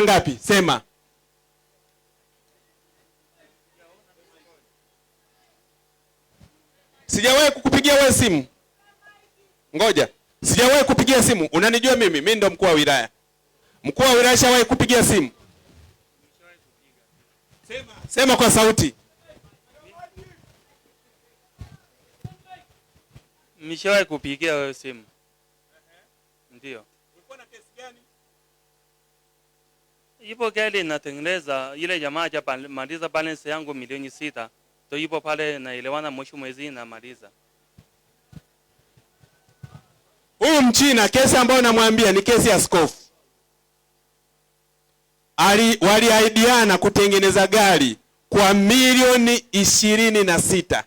mara ngapi? Sema. Sijawahi kukupigia wewe simu. Ngoja, sijawahi kupigia simu. Unanijua mimi, mimi ndo mkuu wa wilaya. Mkuu wa wilaya shawahi kupigia simu? Sema, sema kwa sauti. Nishawahi kupigia wewe simu. Ndiyo. ipo gari natengeneza, ile jamaa hajamaliza balance yangu milioni sita, to ipo pale naelewana, mwisho mwezi namaliza. Huyu Mchina kesi ambayo namwambia ni kesi ya skofu. Waliahidiana kutengeneza gari kwa milioni ishirini na sita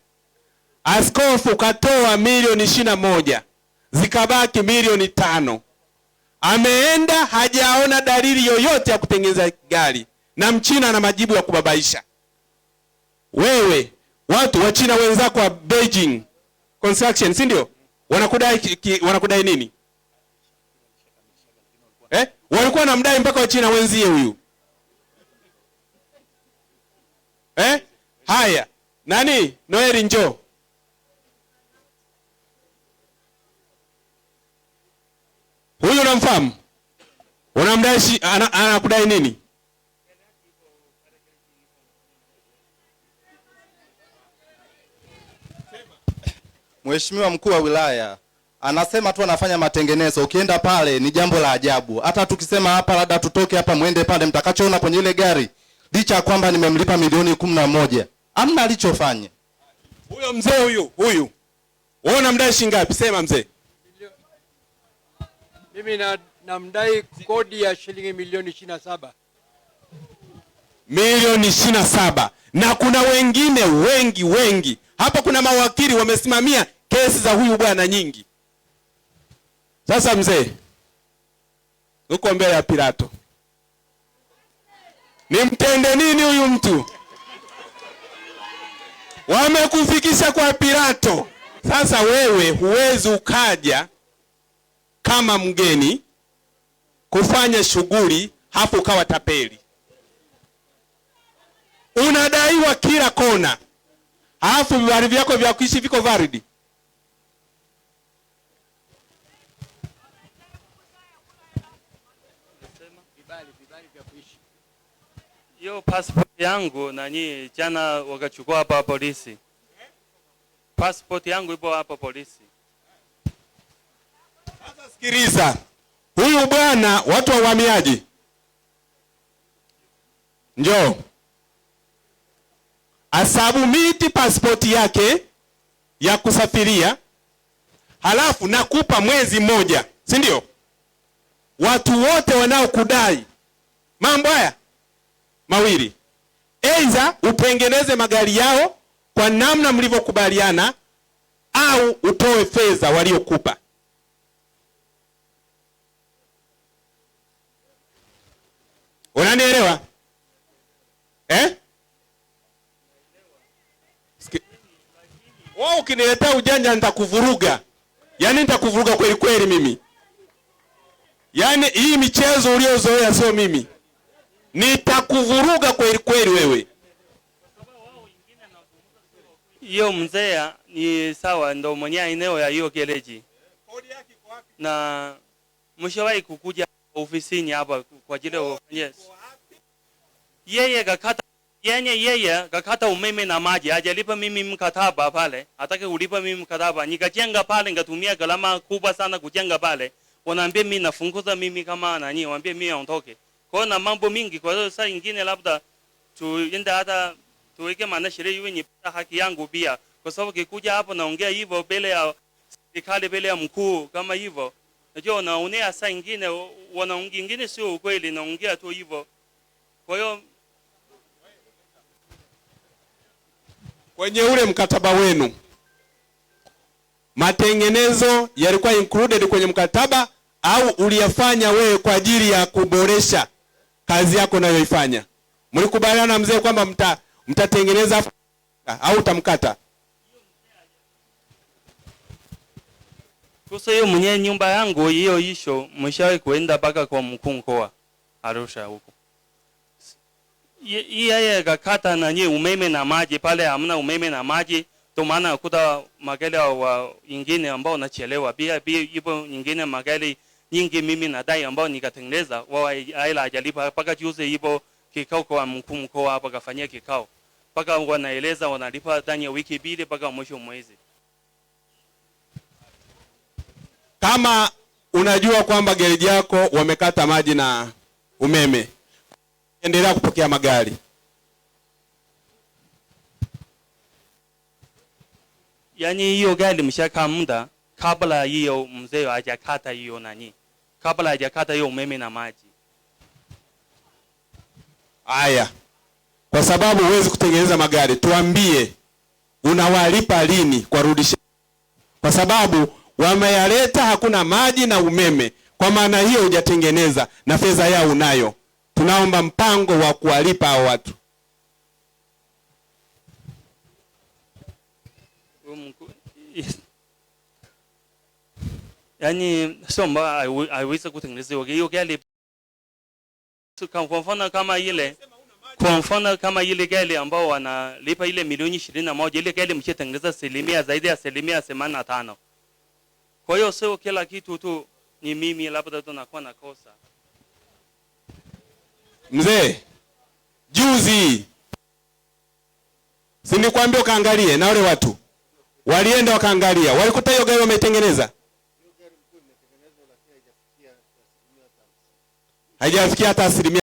askofu katoa milioni ishirini na moja zikabaki milioni tano ameenda hajaona dalili yoyote ya kutengeneza gari, na mchina ana majibu ya kubabaisha. Wewe watu wa China wenzako wa Beijing Construction, si ndio? Wanakudai wanakudai nini eh? Walikuwa mdai mpaka wachina wenzie huyu eh? Haya, nani Noeli, njoo Huyu unamfahamu? Unamdai anakudai ana nini? Mheshimiwa mkuu wa wilaya anasema tu anafanya matengenezo. Ukienda pale ni jambo la ajabu. Hata tukisema hapa labda tutoke hapa mwende pale, mtakachoona kwenye ile gari, licha ya kwamba nimemlipa milioni kumi na moja, amna alichofanya huyo mzee. Huyu huyu wewe unamdai shilingi ngapi? Sema mzee. Mimi na namdai kodi ya shilingi milioni ishirini na saba milioni ishirini na saba na kuna wengine wengi wengi hapa. Kuna mawakili wamesimamia kesi za huyu bwana nyingi. Sasa mzee, uko mbele ya Pilato, nimtende nini huyu mtu? Wamekufikisha kwa Pilato. Sasa wewe huwezi ukaja kama mgeni kufanya shughuli hapo ukawa tapeli, unadaiwa kila kona, halafu vibali vyako vya kuishi viko valid. Hiyo passport yangu nani, jana wakachukua hapa polisi. Passport yangu ipo hapa polisi. Sikiliza, huyu bwana, watu wa uhamiaji, njoo asabumiti pasipoti yake ya kusafiria, halafu nakupa mwezi mmoja, si ndio? Watu wote wanaokudai mambo haya mawili, aidha utengeneze magari yao kwa namna mlivyokubaliana, au utoe fedha waliokupa. Unanielewa? Eh? Wao ukiniletea ujanja nitakuvuruga. Yaani nitakuvuruga kweli kweli mimi. Yaani hii michezo uliozoea sio mimi. Nitakuvuruga kweli kweli wewe. Hiyo mzee ni sawa, ndo mwenye eneo ya hiyo gereji. Na mshawahi kukuja ofisini hapa kwa ajili ya yes yeye kakata yenye yeye kakata umeme na maji, hajalipa mimi mkataba pale, hataki kulipa mimi mkataba. Nikajenga pale, ngatumia gharama kubwa sana kujenga pale, wanaambia mimi nafunguza mimi kama nani, waambie mimi aondoke. Kwa hiyo na mambo mingi. Kwa hiyo saa nyingine labda tuende hata tuweke maana mwanasheria yeye ni haki yangu pia, kwa sababu kikuja hapo naongea hivyo mbele ya serikali, mbele ya mkuu kama hivyo, najua unaonea. saa nyingine, wanaongea nyingine sio ukweli, naongea tu hivyo. Kwa hiyo kwenye ule mkataba wenu matengenezo yalikuwa included kwenye mkataba au uliyafanya wewe kwa ajili ya kuboresha kazi yako unayoifanya? Mlikubaliana mzee kwamba mta, mtatengeneza au utamkata? Kuhusu hiyo mwenye nyumba yangu hiyo isho, mshawahi kuenda mpaka kwa mkuu mkoa Arusha huko? yeye akakata nanye umeme na maji pale, hamna umeme na maji, ndio maana kuta magari wa ingine ambao wanachelewa pia. Ipo nyingine magari nyingi mimi nadai ambao nikatengeneza wao, aila ajalipa paka juzi. Ipo kikao kwa mkuu mkoa hapa kafanyia kikao, paka wanaeleza wanalipa ndani ya wiki mbili paka mwisho mwezi. Kama unajua kwamba gereji yako wamekata maji na umeme endelea kupokea magari. Yaani hiyo gari mshaka muda kabla hiyo mzee hajakata hiyo nani, kabla hajakata hiyo umeme na maji. Aya, kwa sababu huwezi kutengeneza magari, tuambie unawalipa lini kwa rudisha, kwa sababu wameyaleta hakuna maji na umeme. Kwa maana hiyo hujatengeneza na fedha yao unayo tunaomba mpango wa kuwalipa hao watu. yani sio mbaya, haiwezi kutengenezwa hiyo gari. Kwa mfano kama ile kwa mfano kama ile gari ambao wanalipa ile milioni ishirini na moja ile gari mshatengeneza asilimia zaidi ya asilimia themanini na tano. Kwa hiyo sio kila kitu tu ni mimi labda tunakuwa na kosa. Mzee, juzi si nilikwambia ukaangalie, na wale watu walienda wakaangalia, walikuta hiyo gari wameitengeneza, haijafikia hata asilimia